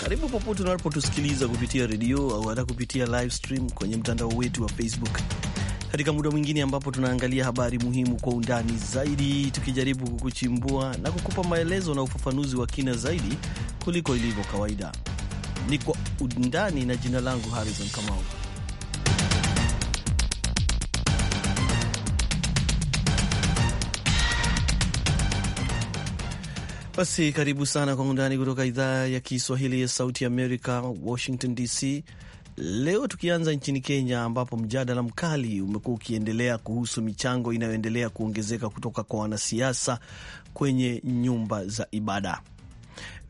Karibu popote unapotusikiliza kupitia redio au hata kupitia live stream kwenye mtandao wetu wa Facebook katika muda mwingine ambapo tunaangalia habari muhimu kwa undani zaidi, tukijaribu kukuchimbua na kukupa maelezo na ufafanuzi wa kina zaidi kuliko ilivyo kawaida. Ni kwa undani, na jina langu Harrison Kamau. Basi karibu sana kwa undani kutoka idhaa ya Kiswahili ya Sauti ya Amerika, Washington DC. Leo tukianza nchini Kenya, ambapo mjadala mkali umekuwa ukiendelea kuhusu michango inayoendelea kuongezeka kutoka kwa wanasiasa kwenye nyumba za ibada.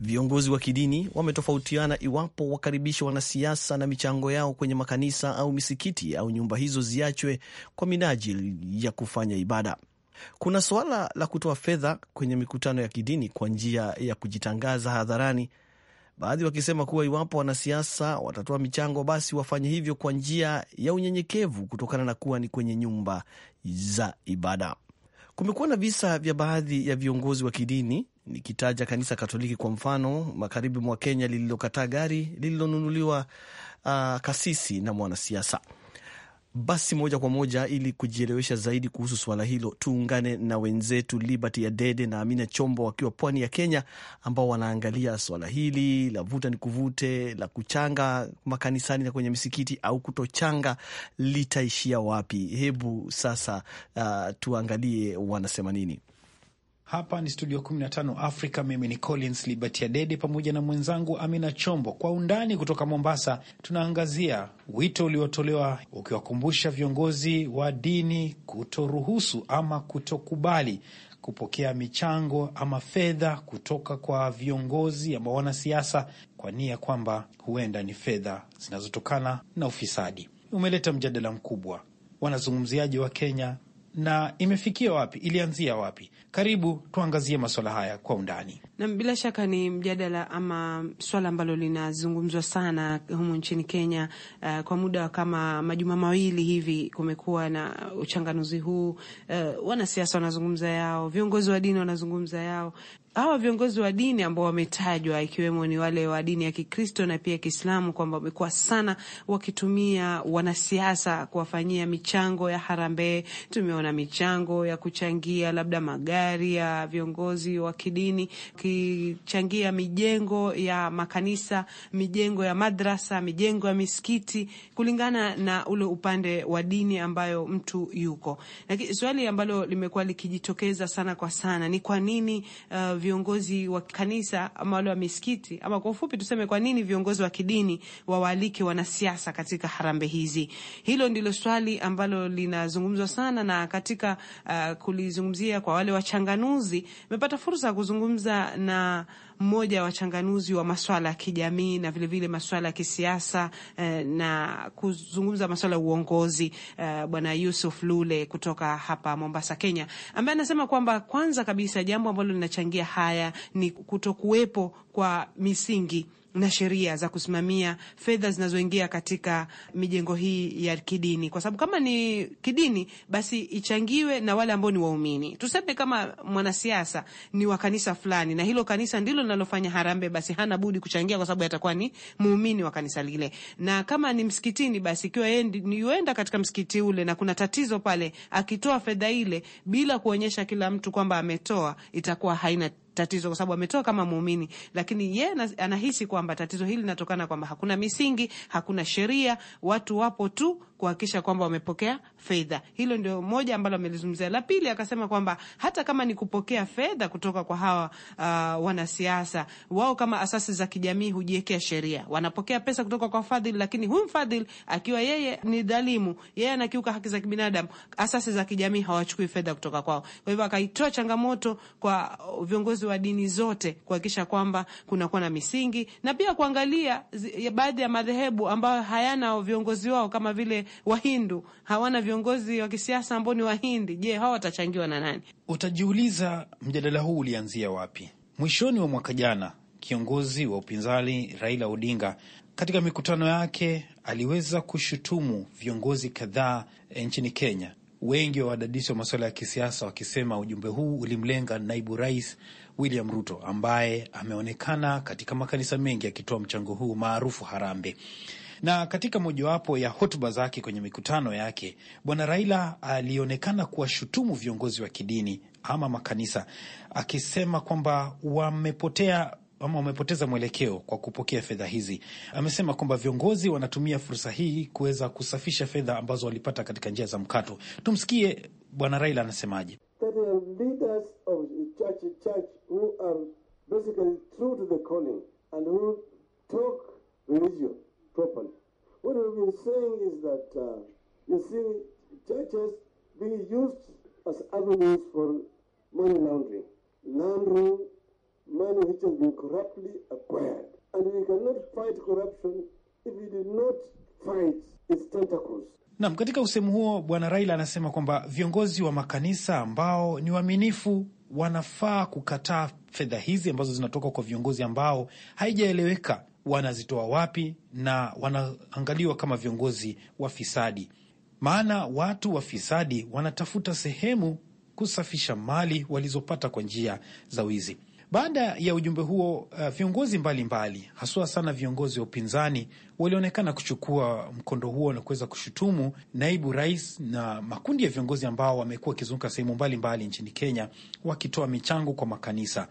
Viongozi wa kidini wametofautiana iwapo wakaribishe wanasiasa na michango yao kwenye makanisa au misikiti au nyumba hizo ziachwe kwa minajili ya kufanya ibada. Kuna suala la kutoa fedha kwenye mikutano ya kidini kwa njia ya kujitangaza hadharani, baadhi wakisema kuwa iwapo wanasiasa watatoa michango, basi wafanye hivyo kwa njia ya unyenyekevu kutokana na kuwa ni kwenye nyumba za ibada. Kumekuwa na visa vya baadhi ya viongozi wa kidini, nikitaja kanisa Katoliki kwa mfano, magharibi mwa Kenya, lililokataa gari lililonunuliwa uh, kasisi na mwanasiasa. Basi moja kwa moja, ili kujielewesha zaidi kuhusu swala hilo, tuungane na wenzetu Liberty Adede na Amina Chombo wakiwa pwani ya Kenya, ambao wanaangalia swala hili la vuta ni kuvute la kuchanga makanisani na kwenye misikiti au kutochanga litaishia wapi? Hebu sasa, uh, tuangalie wanasema nini. Hapa ni studio 15 Africa. Mimi ni Collins Libertia Dede pamoja na mwenzangu Amina Chombo. Kwa undani kutoka Mombasa, tunaangazia wito uliotolewa ukiwakumbusha viongozi wa dini kutoruhusu ama kutokubali kupokea michango ama fedha kutoka kwa viongozi ama wanasiasa kwa nia kwamba huenda ni fedha zinazotokana na ufisadi. Umeleta mjadala mkubwa, wanazungumziaji wa Kenya na imefikia wapi? Ilianzia wapi? Karibu tuangazie masuala haya kwa undani. Nam, bila shaka ni mjadala ama swala ambalo linazungumzwa sana humu nchini Kenya. Uh, kwa muda wa kama majuma mawili hivi kumekuwa na uchanganuzi huu. Uh, wanasiasa wanazungumza yao, viongozi wa dini wanazungumza yao, hawa viongozi wa dini ambao wametajwa ikiwemo ni wale wa dini ya Kikristo na pia Kiislamu kwamba wamekuwa sana wakitumia wanasiasa kuwafanyia michango ya harambee. Tumeona michango ya kuchangia labda magari ya viongozi wa kidini, kichangia mijengo ya makanisa, mijengo ya madrasa, mijengo ya misikiti, kulingana na ule upande wa dini ambayo mtu yuko. Lakini swali ambalo limekuwa likijitokeza sana kwa sana ni kwa nini uh, viongozi wa kanisa ama wale wa misikiti ama kwa ufupi tuseme, kwa nini viongozi wa kidini wawaalike wanasiasa katika harambee hizi? Hilo ndilo swali ambalo linazungumzwa sana, na katika uh, kulizungumzia kwa wale wachanganuzi, nimepata fursa ya kuzungumza na mmoja wa wachanganuzi wa maswala ya kijamii na vilevile maswala ya kisiasa eh, na kuzungumza maswala ya uongozi eh, Bwana Yusuf Lule kutoka hapa Mombasa, Kenya, ambaye anasema kwamba kwanza kabisa jambo ambalo linachangia haya ni kutokuwepo kwa misingi na sheria za kusimamia fedha zinazoingia katika mijengo hii ya kidini, kwa sababu kama ni kidini, basi ichangiwe na wale ambao ni waumini. Tuseme kama mwanasiasa ni wa kanisa fulani na hilo kanisa ndilo linalofanya harambee, basi hana budi kuchangia, kwa sababu atakuwa ni muumini wa kanisa lile. Na kama ni msikitini, basi ikiwa yuenda katika msikiti ule na kuna tatizo pale, akitoa fedha ile bila kuonyesha kila mtu kwamba ametoa, itakuwa haina tatizo, kwa sababu ametoa kama muumini, lakini ye anahisi kwamba tatizo hili linatokana kwamba hakuna misingi, hakuna sheria, watu wapo tu kuhakikisha kwamba wamepokea fedha. Hilo ndio moja ambalo amelizungumzia. La pili akasema kwamba hata kama ni kupokea fedha kutoka kwa hawa uh, wanasiasa, wao kama asasi za kijamii hujiwekea sheria, wanapokea pesa kutoka kwa fadhili, lakini huyu mfadhili akiwa yeye ni dhalimu, yeye anakiuka haki za kibinadamu, asasi za kijamii hawachukui fedha kutoka kwao. Kwa hivyo akaitoa changamoto kwa viongozi wa dini zote kuhakikisha kwamba kunakuwa na misingi na pia kuangalia baadhi ya madhehebu ambayo hayana viongozi wao kama vile Wahindu hawana viongozi wa kisiasa ambao ni Wahindi, je, hawa watachangiwa na nani? Utajiuliza mjadala huu ulianzia wapi? Mwishoni wa mwaka jana, kiongozi wa upinzani Raila Odinga katika mikutano yake aliweza kushutumu viongozi kadhaa eh, nchini Kenya, wengi wa wadadisi wa masuala ya kisiasa wakisema ujumbe huu ulimlenga naibu rais William Ruto ambaye ameonekana katika makanisa mengi akitoa mchango huu maarufu harambe. Na katika mojawapo ya hotuba zake kwenye mikutano yake, Bwana Raila alionekana kuwashutumu viongozi wa kidini ama makanisa, akisema kwamba wamepotea ama wamepoteza mwelekeo kwa kupokea fedha hizi. Amesema kwamba viongozi wanatumia fursa hii kuweza kusafisha fedha ambazo walipata katika njia za mkato. Tumsikie Bwana Raila anasemaje properly. What we've been saying is that uh, you see churches being used as avenues for money laundering, laundering money which has been corruptly acquired. And we cannot fight corruption if we do not fight its tentacles. Naam, katika usemu huo Bwana Raila anasema kwamba viongozi wa makanisa ambao ni waaminifu wanafaa kukataa fedha hizi ambazo zinatoka kwa viongozi ambao haijaeleweka wanazitoa wapi na wanaangaliwa kama viongozi wafisadi. Maana watu wafisadi wanatafuta sehemu kusafisha mali walizopata kwa njia za wizi. Baada ya ujumbe huo, uh, viongozi mbalimbali haswa sana viongozi wa upinzani walionekana kuchukua mkondo huo na kuweza kushutumu naibu rais na makundi ya viongozi ambao wamekuwa wakizunguka sehemu mbalimbali nchini Kenya wakitoa michango kwa makanisa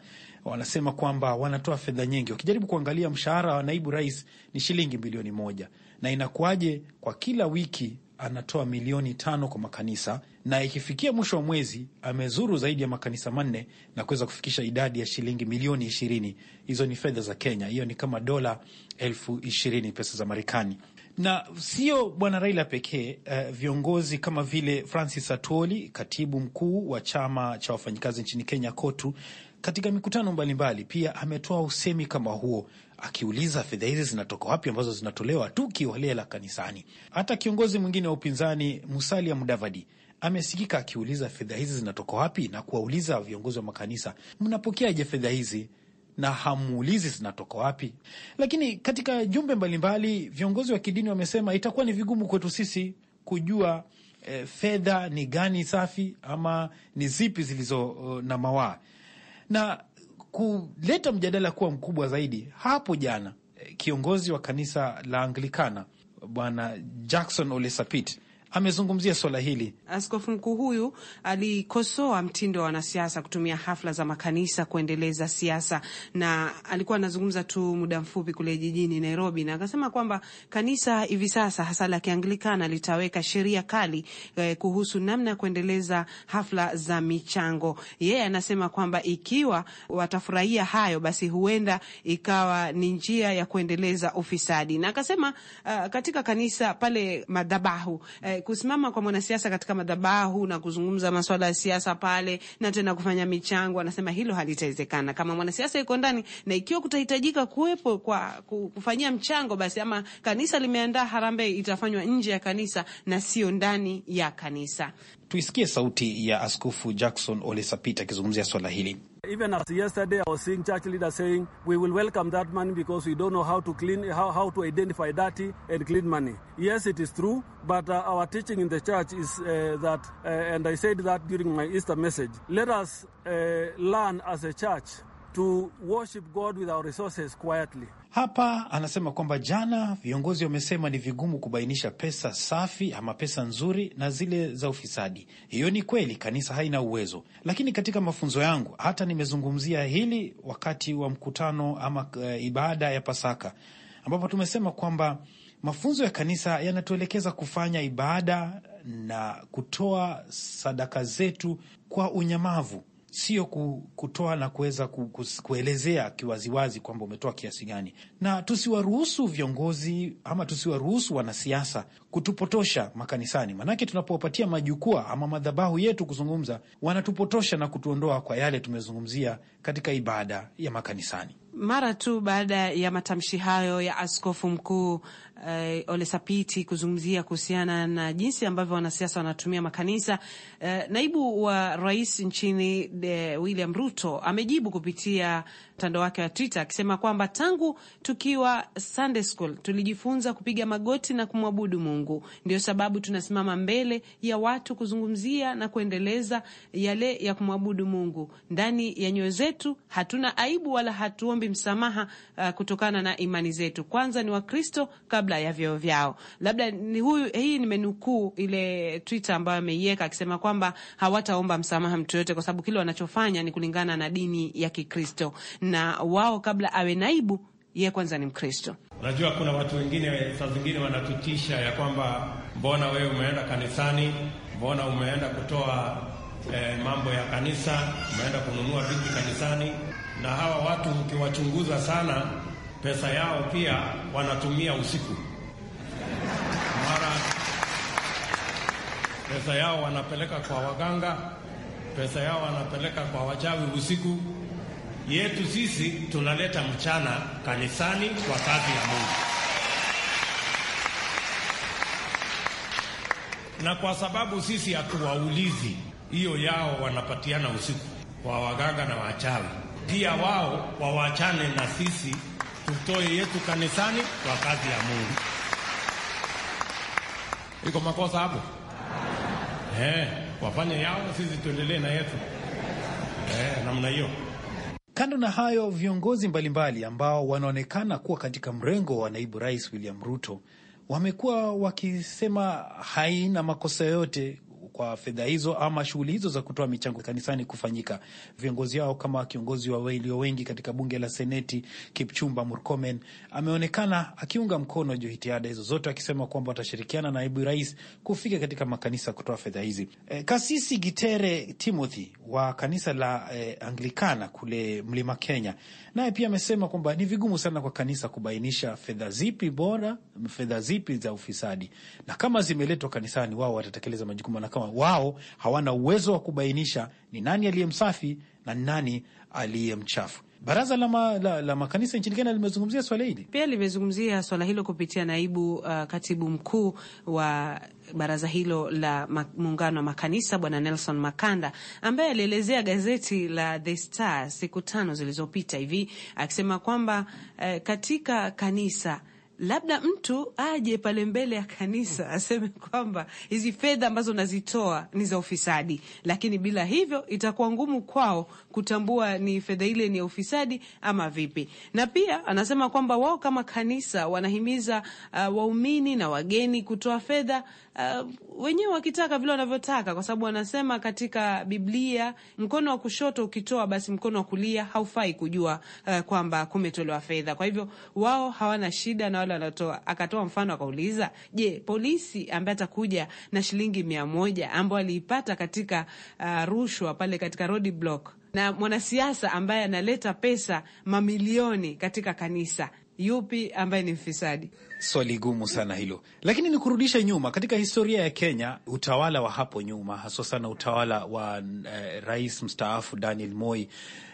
wanasema kwamba wanatoa fedha nyingi. Wakijaribu kuangalia mshahara wa naibu rais ni shilingi bilioni moja, na inakuwaje kwa kila wiki anatoa milioni tano kwa makanisa na ikifikia mwisho wa mwezi amezuru zaidi ya makanisa manne na kuweza kufikisha idadi ya shilingi milioni ishirini. Hizo ni fedha za Kenya, hiyo ni kama dola elfu ishirini pesa za Marekani. Na sio bwana Raila pekee. Uh, viongozi kama vile Francis Atwoli, katibu mkuu wa chama cha wafanyikazi nchini Kenya, KOTU, katika mikutano mbalimbali mbali. Pia ametoa usemi kama huo akiuliza fedha hizi zinatoka wapi ambazo zinatolewa tu kiholela kanisani. Hata kiongozi mwingine wa upinzani Musalia Mudavadi amesikika akiuliza fedha hizi zinatoka wapi na kuwauliza viongozi wa makanisa, mnapokeaje fedha hizi na hamuulizi zinatoka wapi? Lakini katika jumbe mbalimbali viongozi wa kidini wamesema itakuwa ni vigumu kwetu sisi kujua e, fedha ni gani safi ama ni zipi zilizo e, na mawaa na kuleta mjadala kuwa mkubwa zaidi. Hapo jana eh, kiongozi wa kanisa la Anglikana Bwana Jackson Ole Sapit amezungumzia swala hili. Askofu mkuu huyu alikosoa mtindo wa wanasiasa kutumia hafla za makanisa kuendeleza siasa, na alikuwa anazungumza tu muda mfupi kule jijini Nairobi, na akasema kwamba kanisa hivi sasa hasa la Kianglikana litaweka sheria kali eh, kuhusu namna ya kuendeleza hafla za michango. Yeye yeah, anasema kwamba ikiwa watafurahia hayo, basi huenda ikawa ni njia ya kuendeleza ufisadi, na akasema uh, katika kanisa pale madhabahu eh, Eh, kusimama kwa mwanasiasa katika madhabahu na kuzungumza masuala ya siasa pale na tena kufanya michango, anasema hilo halitawezekana kama mwanasiasa yuko ndani, na ikiwa kutahitajika kuwepo kwa kufanyia mchango, basi ama kanisa limeandaa harambee, itafanywa nje ya kanisa na sio ndani ya kanisa. Tuisikie sauti ya Askofu Jackson olesapit akizungumzia swala hili. Even as yesterday, I was seeing church leaders saying, we will welcome that money because we don't know how to clean, how, how to identify dirty and clean money. Yes, it is true, but uh, our teaching in the church is uh, that, uh, and I said that during my Easter message, let us uh, learn as a church to worship God with our resources quietly. Hapa anasema kwamba jana viongozi wamesema ni vigumu kubainisha pesa safi ama pesa nzuri na zile za ufisadi. Hiyo ni kweli, kanisa haina uwezo, lakini katika mafunzo yangu hata nimezungumzia hili wakati wa mkutano ama e, ibada ya Pasaka ambapo tumesema kwamba mafunzo ya kanisa yanatuelekeza kufanya ibada na kutoa sadaka zetu kwa unyamavu sio kutoa na kuweza kuelezea kiwaziwazi kwamba umetoa kiasi gani, na tusiwaruhusu viongozi ama tusiwaruhusu wanasiasa kutupotosha makanisani, manake tunapowapatia majukwaa ama madhabahu yetu kuzungumza, wanatupotosha na kutuondoa kwa yale tumezungumzia katika ibada ya makanisani. Mara tu baada ya matamshi hayo ya askofu mkuu uh, Ole Sapiti kuzungumzia kuhusiana na jinsi ambavyo wanasiasa wanatumia makanisa. Uh, naibu wa rais nchini de eh, William Ruto amejibu kupitia mtandao wake wa Twitter akisema kwamba tangu tukiwa Sunday school tulijifunza kupiga magoti na kumwabudu Mungu, ndio sababu tunasimama mbele ya watu kuzungumzia na kuendeleza yale ya kumwabudu Mungu ndani ya nyoyo zetu. Hatuna aibu wala hatuombi msamaha uh, kutokana na imani zetu. Kwanza ni Wakristo kabla kabla ya vyeo vyao. Labda ni huyu, hii nimenukuu ile Twitter ambayo ameiweka akisema kwamba hawataomba msamaha mtu yote, kwa sababu kile wanachofanya ni kulingana na dini ya Kikristo, na wao kabla awe naibu yeye kwanza ni Mkristo. Unajua, kuna watu wengine saa zingine wanatutisha ya kwamba mbona wewe umeenda kanisani, mbona umeenda kutoa eh, mambo ya kanisa, umeenda kununua vitu kanisani. Na hawa watu ukiwachunguza sana pesa yao pia wanatumia usiku, mara pesa yao wanapeleka kwa waganga, pesa yao wanapeleka kwa wachawi usiku. Yetu sisi tunaleta mchana kanisani kwa kazi ya Mungu. na kwa sababu sisi hatuwaulizi, hiyo yao wanapatiana usiku kwa waganga na wachawi. Pia wao wawachane na sisi tutoe yetu kanisani kwa kazi ya Mungu. Iko makosa hapo? Eh, wafanye yao, sisi tuendelee na yetu. Eh, namna hiyo. Kando na hayo, viongozi mbalimbali ambao wanaonekana kuwa katika mrengo wa naibu rais William Ruto wamekuwa wakisema haina makosa yote kwa fedha hizo ama shughuli hizo za kutoa michango kanisani kufanyika. Viongozi hao kama kiongozi wa walio wengi katika bunge la Seneti Kipchumba Murkomen ameonekana akiunga mkono jitihada hizo zote, akisema kwamba watashirikiana na naibu rais kufika katika makanisa kutoa fedha hizi. E, Kasisi Gitere Timothy wa kanisa la e, Anglikana kule Mlima Kenya naye pia amesema kwamba ni vigumu sana kwa kanisa kubainisha fedha zipi bora, fedha zipi za ufisadi, na kama zimeletwa kanisani wao watatekeleza majukumu na kama wao hawana uwezo wa kubainisha ni nani aliye msafi na ni nani aliye mchafu. Baraza la, ma, la, la makanisa nchini Kenya limezungumzia swala hili, pia limezungumzia swala hilo kupitia naibu uh, katibu mkuu wa baraza hilo la muungano wa makanisa Bwana Nelson Makanda, ambaye alielezea gazeti la The Star siku tano zilizopita hivi akisema kwamba uh, katika kanisa labda mtu aje pale mbele ya kanisa mm. aseme kwamba hizi fedha ambazo nazitoa ni za ufisadi, lakini bila hivyo itakuwa ngumu kwao kutambua ni fedha ile ni ya ufisadi ama vipi. Na pia anasema kwamba wao kama kanisa wanahimiza uh, waumini na wageni kutoa fedha uh, wenyewe wakitaka vile wanavyotaka, kwa sababu wanasema katika Biblia mkono wa kushoto ukitoa, basi mkono wa kulia haufai kujua uh, kwamba kumetolewa fedha. Kwa hivyo wao hawana shida na ambalo alatoa akatoa mfano akauliza, je, polisi ambaye atakuja na shilingi mia moja ambayo aliipata katika uh, rushwa pale katika block na mwanasiasa ambaye analeta pesa mamilioni katika kanisa, yupi ambaye ni mfisadi? Swali gumu sana hilo, lakini ni kurudisha nyuma katika historia ya Kenya. Utawala wa hapo nyuma, haswa sana utawala wa eh, rais mstaafu Daniel Moi,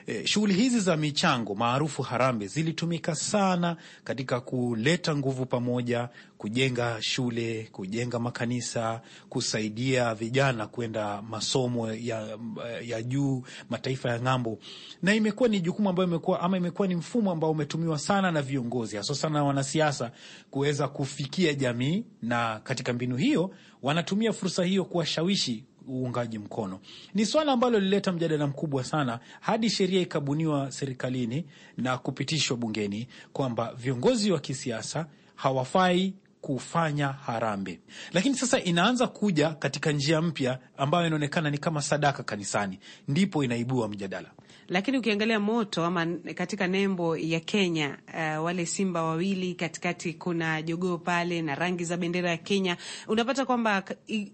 eh, shughuli hizi za michango maarufu harambe zilitumika sana katika kuleta nguvu pamoja, kujenga shule, kujenga makanisa, kusaidia vijana kwenda masomo ya, ya juu mataifa ya ng'ambo, na imekuwa ni jukumu ambayo imekuwa ama imekuwa ni mfumo ambao umetumiwa sana na viongozi haswa sana wanasiasa kuweza kufikia jamii, na katika mbinu hiyo wanatumia fursa hiyo kuwashawishi uungaji mkono. Ni swala ambalo lilileta mjadala mkubwa sana hadi sheria ikabuniwa serikalini na kupitishwa bungeni kwamba viongozi wa kisiasa hawafai kufanya harambe Lakini sasa inaanza kuja katika njia mpya ambayo inaonekana ni kama sadaka kanisani, ndipo inaibua mjadala. Lakini ukiangalia moto ama katika nembo ya Kenya, uh, wale simba wawili katikati, kuna jogoo pale na rangi za bendera ya Kenya, unapata kwamba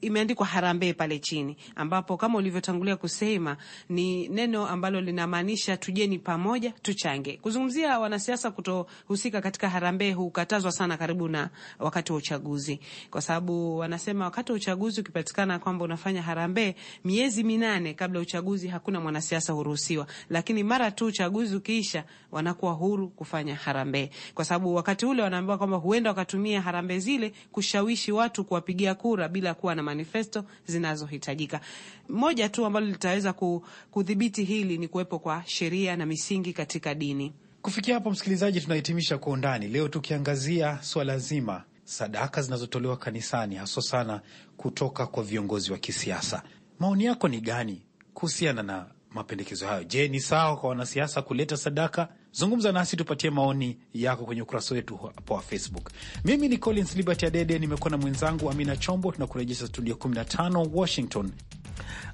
imeandikwa harambee pale chini, ambapo kama ulivyotangulia kusema ni neno ambalo linamaanisha tujeni pamoja, tuchange. Kuzungumzia wanasiasa kutohusika katika harambee hukatazwa sana karibu na wakati wa uchaguzi, kwa sababu wanasema wakati wa uchaguzi ukipatikana kwamba unafanya harambee miezi minane kabla ya uchaguzi, hakuna mwanasiasa huruhusiwa lakini mara tu uchaguzi ukiisha, wanakuwa huru kufanya harambee, kwa sababu wakati ule wanaambiwa kwamba huenda wakatumia harambee zile kushawishi watu kuwapigia kura bila kuwa na manifesto zinazohitajika. Moja tu ambalo litaweza kudhibiti hili ni kuwepo kwa sheria na misingi katika dini. Kufikia hapo, msikilizaji, tunahitimisha Kwa Undani leo tukiangazia swala zima sadaka zinazotolewa kanisani, haswa sana kutoka kwa viongozi wa kisiasa. Maoni yako ni gani kuhusiana na mapendekezo hayo. Je, ni sawa kwa wanasiasa kuleta sadaka? Zungumza nasi tupatie maoni yako kwenye ukurasa wetu hapo wa Facebook. Mimi ni Collins Liberty Adede, nimekuwa na mwenzangu Amina Chombo. Tunakurejesha studio 15 Washington.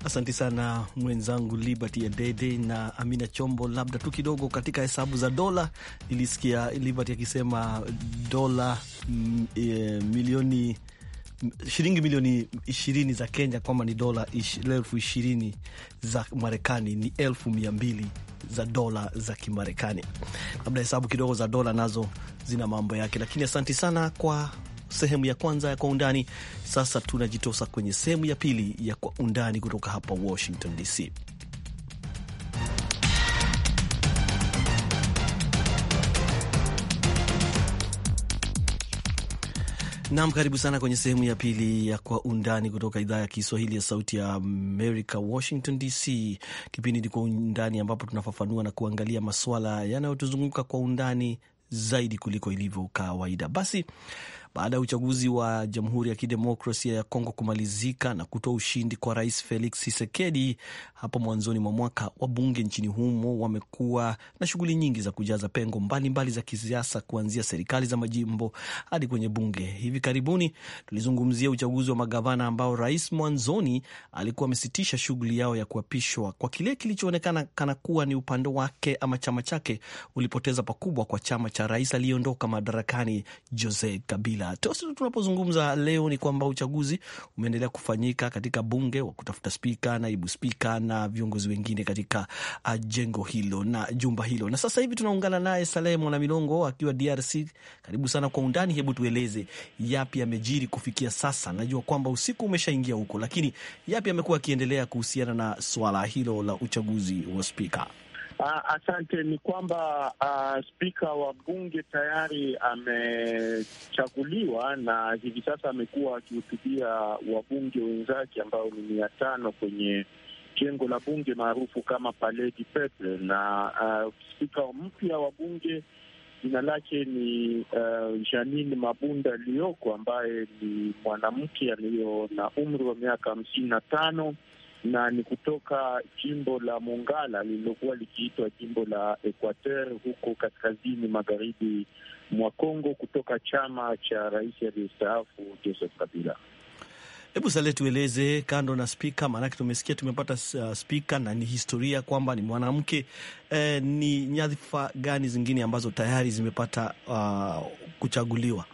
Asante sana mwenzangu Liberty Adede na Amina Chombo. Labda tu kidogo katika hesabu za dola, nilisikia Liberty akisema dola mm, e, milioni shilingi milioni ishirini za Kenya, kwamba ni dola elfu ishirini za Marekani ni elfu mia mbili za dola za Kimarekani. Labda hesabu kidogo za dola nazo zina mambo yake, lakini asanti sana kwa sehemu ya kwanza ya Kwa Undani. Sasa tunajitosa kwenye sehemu ya pili ya Kwa Undani kutoka hapa Washington DC. Nam, karibu sana kwenye sehemu ya pili ya Kwa Undani kutoka idhaa ya Kiswahili ya Sauti ya Amerika, Washington DC. Kipindi ni Kwa Undani, ambapo tunafafanua na kuangalia masuala yanayotuzunguka kwa undani zaidi kuliko ilivyo kawaida. Basi baada ya uchaguzi wa Jamhuri ya Kidemokrasia ya Kongo kumalizika na kutoa ushindi kwa Rais Felix Tshisekedi hapo mwanzoni mwa mwaka, wabunge nchini humo wamekuwa na shughuli nyingi za kujaza pengo mbalimbali mbali za kisiasa, kuanzia serikali za majimbo hadi kwenye bunge. Hivi karibuni tulizungumzia uchaguzi wa magavana ambao rais mwanzoni alikuwa amesitisha shughuli yao ya kuapishwa kwa kile kilichoonekana kana kuwa ni upande wake ama chama chake ulipoteza pakubwa kwa chama cha rais aliyeondoka madarakani Joseph Kabila kawaida. Tosi tunapozungumza leo ni kwamba uchaguzi umeendelea kufanyika katika bunge wa kutafuta spika, naibu spika na viongozi wengine katika ah, jengo hilo na jumba hilo, na sasa hivi tunaungana naye Salehe milongo akiwa DRC. Karibu sana kwa undani. Hebu tueleze yapi yamejiri kufikia sasa. Najua kwamba usiku umeshaingia huko, lakini yapi yamekuwa yakiendelea kuhusiana na swala hilo la uchaguzi wa spika? Uh, asante. Ni kwamba uh, spika wa bunge tayari amechaguliwa na hivi sasa amekuwa akihutubia wabunge wenzake ambao ni mia tano kwenye jengo la bunge maarufu kama Paledi Pepe, na uh, spika mpya wa bunge jina lake ni uh, Janine Mabunda Lioko ambaye ni mwanamke aliyo na umri wa miaka hamsini na tano na ni kutoka jimbo la Mongala lililokuwa likiitwa jimbo la Equateur huko kaskazini magharibi mwa congo kutoka chama cha rais aliyestaafu Joseph Kabila. Hebu Sale, tueleze kando na spika, maanake tumesikia tumepata uh, spika na ni historia kwamba ni mwanamke eh, ni nyadhifa gani zingine ambazo tayari zimepata uh, kuchaguliwa?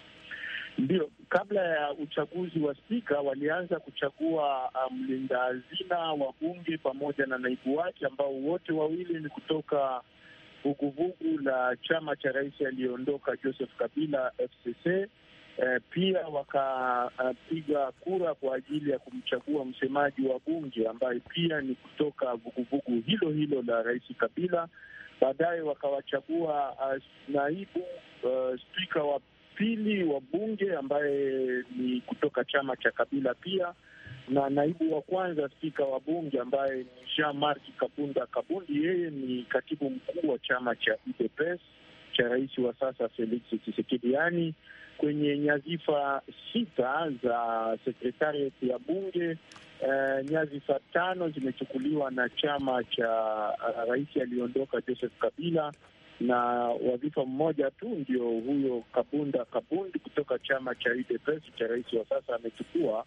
Ndio, kabla ya uchaguzi wa spika walianza kuchagua uh, mlinda hazina wa bunge pamoja na naibu wake ambao wote wawili ni kutoka vuguvugu la chama cha rais aliyeondoka Joseph Kabila, FCC. Eh, pia wakapiga uh, kura kwa ajili ya kumchagua msemaji wa bunge ambaye pia ni kutoka vuguvugu hilo hilo la rais Kabila. Baadaye wakawachagua uh, naibu uh, spika wa pili wa bunge ambaye ni kutoka chama cha Kabila pia na naibu wa kwanza spika wa bunge ambaye ni Jean Marc Kabunda Kabundi, yeye ni katibu mkuu wa chama cha UDPS cha rais wa sasa Felix Tshisekedi. Yaani kwenye nyadhifa sita za sekretariat ya bunge eh, nyadhifa tano zimechukuliwa na chama cha eh, rais aliyeondoka Joseph Kabila na wadhifa mmoja tu ndio huyo Kabunda Kabundi kutoka chama cha UDPS cha rais wa sasa amechukua,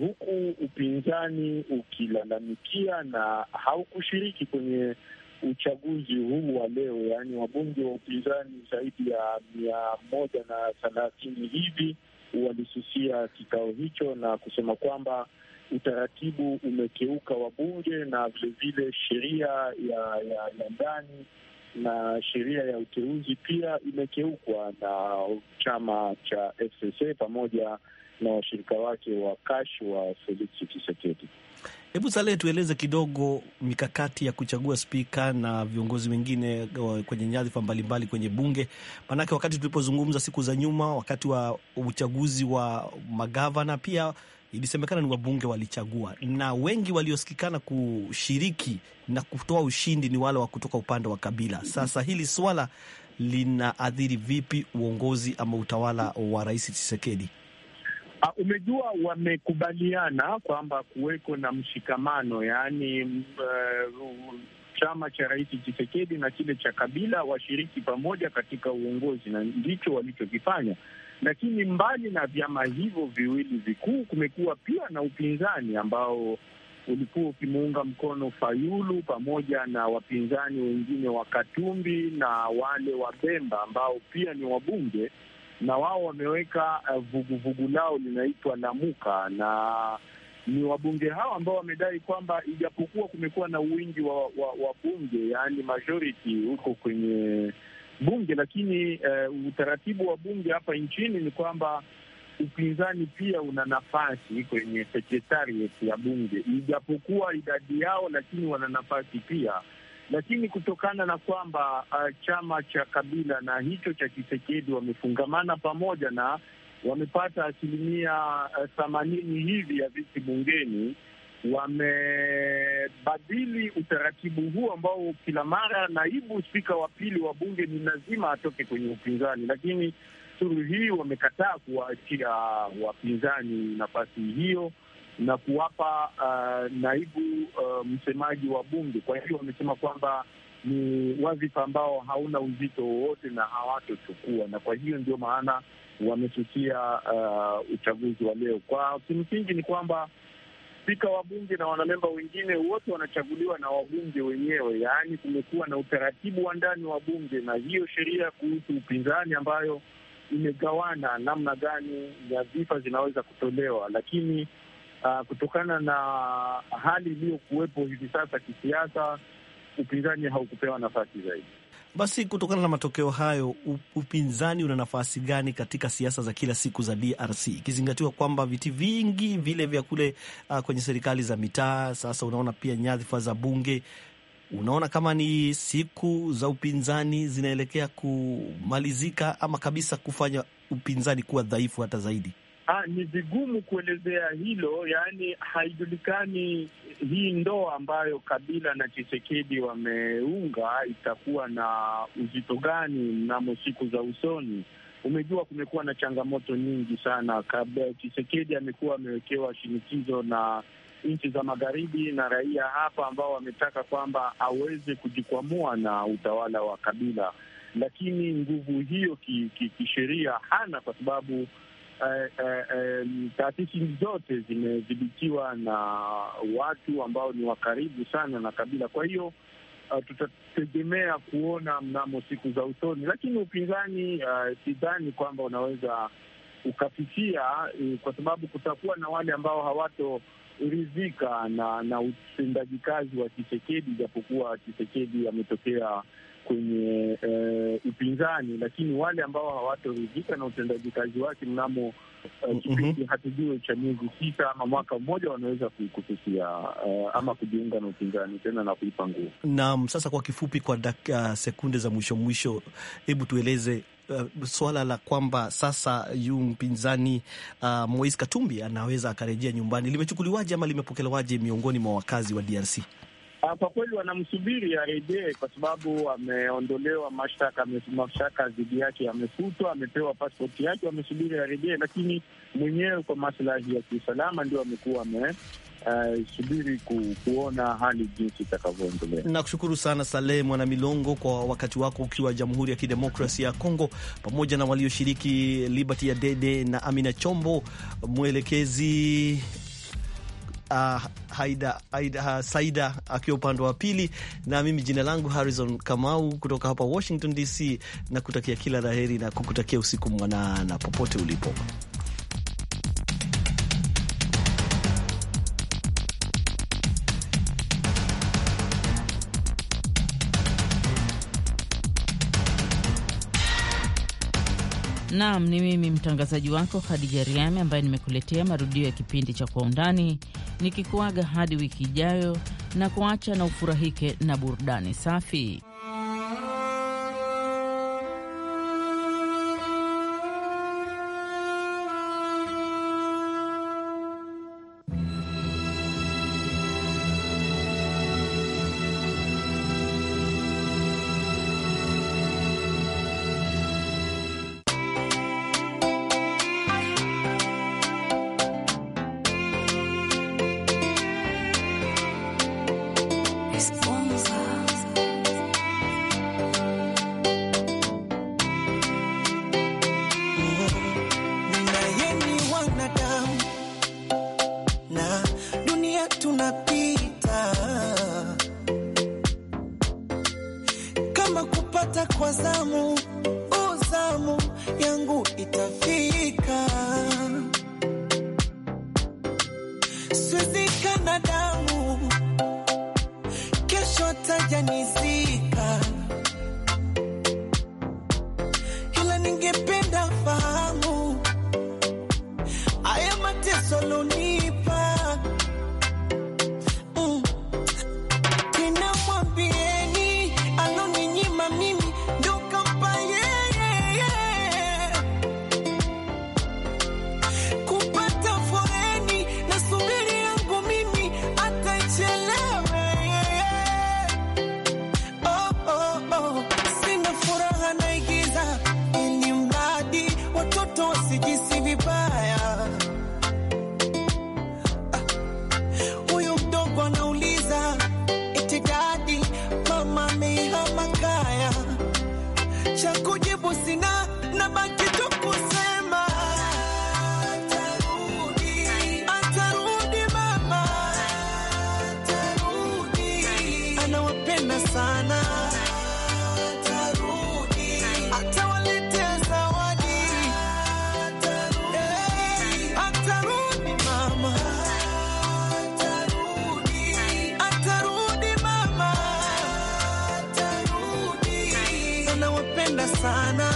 huku upinzani ukilalamikia na haukushiriki kwenye uchaguzi huu wa leo, yaani wabunge wa upinzani zaidi ya mia moja na thelathini hivi walisusia kikao hicho na kusema kwamba utaratibu umekeuka wabunge na vilevile sheria ya, ya, ya ndani na sheria ya uteuzi pia imekeukwa na chama cha FCC pamoja na washirika wake wa kash wa Felix Tshisekedi. Hebu Saleh, tueleze kidogo mikakati ya kuchagua spika na viongozi wengine uh, kwenye nyadhifa mbalimbali kwenye bunge. Maanake wakati tulipozungumza siku za nyuma, wakati wa uchaguzi wa magavana, pia ilisemekana ni wabunge walichagua, na wengi waliosikikana kushiriki na kutoa ushindi ni wale wa kutoka upande wa Kabila. Sasa hili swala linaathiri vipi uongozi ama utawala wa Rais Tshisekedi? Uh, umejua wamekubaliana kwamba kuweko na mshikamano, yaani uh, chama cha Rais Tshisekedi na kile cha Kabila washiriki pamoja katika uongozi, na ndicho walichokifanya. Lakini mbali na vyama hivyo viwili vikuu, kumekuwa pia na upinzani ambao ulikuwa ukimuunga mkono Fayulu pamoja na wapinzani wengine wa Katumbi na wale wa Bemba ambao pia ni wabunge, na wao wameweka eh, vuguvugu uh, lao linaitwa Lamuka, na ni wabunge hao ambao wamedai kwamba ijapokuwa kumekuwa na wingi wa wabunge wa yaani majority huko kwenye bunge, lakini uh, utaratibu wa bunge hapa nchini ni kwamba upinzani pia una nafasi kwenye sekretariat ya bunge, ijapokuwa idadi yao, lakini wana nafasi pia. Lakini kutokana na kwamba uh, chama cha Kabila na hicho cha Kisekedi wamefungamana pamoja na wamepata asilimia ah, themanini uh, hivi ya viti bungeni wamebadili utaratibu huu ambao kila mara naibu spika wa pili wa bunge ni lazima atoke kwenye upinzani, lakini suru hii wamekataa kuwaachia wapinzani nafasi hiyo na kuwapa uh, naibu uh, msemaji wa bunge. Kwa hivyo wamesema kwamba ni wadhifa ambao hauna uzito wowote na hawatochukua, na kwa hiyo ndio maana wamesusia uh, uchaguzi wa leo. Kwa kimsingi ni kwamba spika wa bunge na wanamemba wengine wote wanachaguliwa na wabunge wenyewe. Yaani kumekuwa na utaratibu wa ndani wa bunge, na hiyo sheria kuhusu upinzani ambayo imegawana namna gani nyadhifa zinaweza kutolewa, lakini uh, kutokana na hali iliyokuwepo hivi sasa kisiasa, upinzani haukupewa nafasi zaidi. Basi kutokana na matokeo hayo, upinzani una nafasi gani katika siasa za kila siku za DRC, ikizingatiwa kwamba viti vingi vile vya kule uh, kwenye serikali za mitaa, sasa unaona pia nyadhifa za bunge. Unaona kama ni siku za upinzani zinaelekea kumalizika ama kabisa kufanya upinzani kuwa dhaifu hata zaidi? ha, ah, ni vigumu kuelezea hilo, yaani haijulikani hii ndoa ambayo Kabila na Chisekedi wameunga itakuwa na uzito gani mnamo siku za usoni. Umejua, kumekuwa na changamoto nyingi sana. Chisekedi amekuwa amewekewa shinikizo na nchi za magharibi na raia hapa ambao wametaka kwamba aweze kujikwamua na utawala wa Kabila, lakini nguvu hiyo kisheria ki, ki hana kwa sababu taasisi eh, eh, eh mm, zote zimedhibitiwa na watu ambao ni wakaribu sana na Kabila. Kwa hiyo uh, tutategemea kuona mnamo siku za usoni, lakini upinzani eh, sidhani uh, kwamba unaweza ukafifia, uh, kwa sababu kutakuwa na wale ambao hawato ridhika na na utendaji kazi wa Chisekedi, ijapokuwa Chisekedi ametokea kwenye e, upinzani, lakini wale ambao hawatoridhika na utendaji kazi wake mnamo kipindi uh, eh, mm -hmm. hatujue cha miezi sita ama mwaka mmoja, wanaweza kususia uh, eh, ama kujiunga na upinzani tena na kuipa nguvu. Naam, sasa kwa kifupi, kwa dakika uh, sekunde za mwisho mwisho, hebu tueleze uh, swala la kwamba sasa yu mpinzani uh, Moise Katumbi anaweza akarejea nyumbani limechukuliwaje ama limepokelewaje miongoni mwa wakazi wa DRC? Ah, kwa kweli wanamsubiri arejee, kwa sababu ameondolewa mashtaka, mashtaka dhidi yake amefutwa, amepewa paspoti yake, wamesubiri arejee, lakini mwenyewe kwa maslahi ya kiusalama ndio amekuwa Uh, subiri ku, kuona hali jinsi itakavyoendelea. Nakushukuru sana Saleh Mwana Milongo kwa wakati wako ukiwa Jamhuri ya Kidemokrasia ya Kongo, pamoja na walioshiriki Liberty ya Dede na Amina Chombo, mwelekezi uh, Haida, Haida, ah, Saida akiwa upande wa pili, na mimi jina langu Harrison Kamau kutoka hapa Washington DC, na kutakia kila la na kukutakia usiku mwanana popote ulipo. Naam, ni mimi mtangazaji wako Khadija riame ambaye nimekuletea marudio ya kipindi cha Kwa Undani, nikikuaga hadi wiki ijayo na kuacha na ufurahike na burudani safi. sana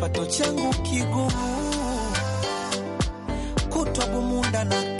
kipato changu kigumu kutwa bumunda na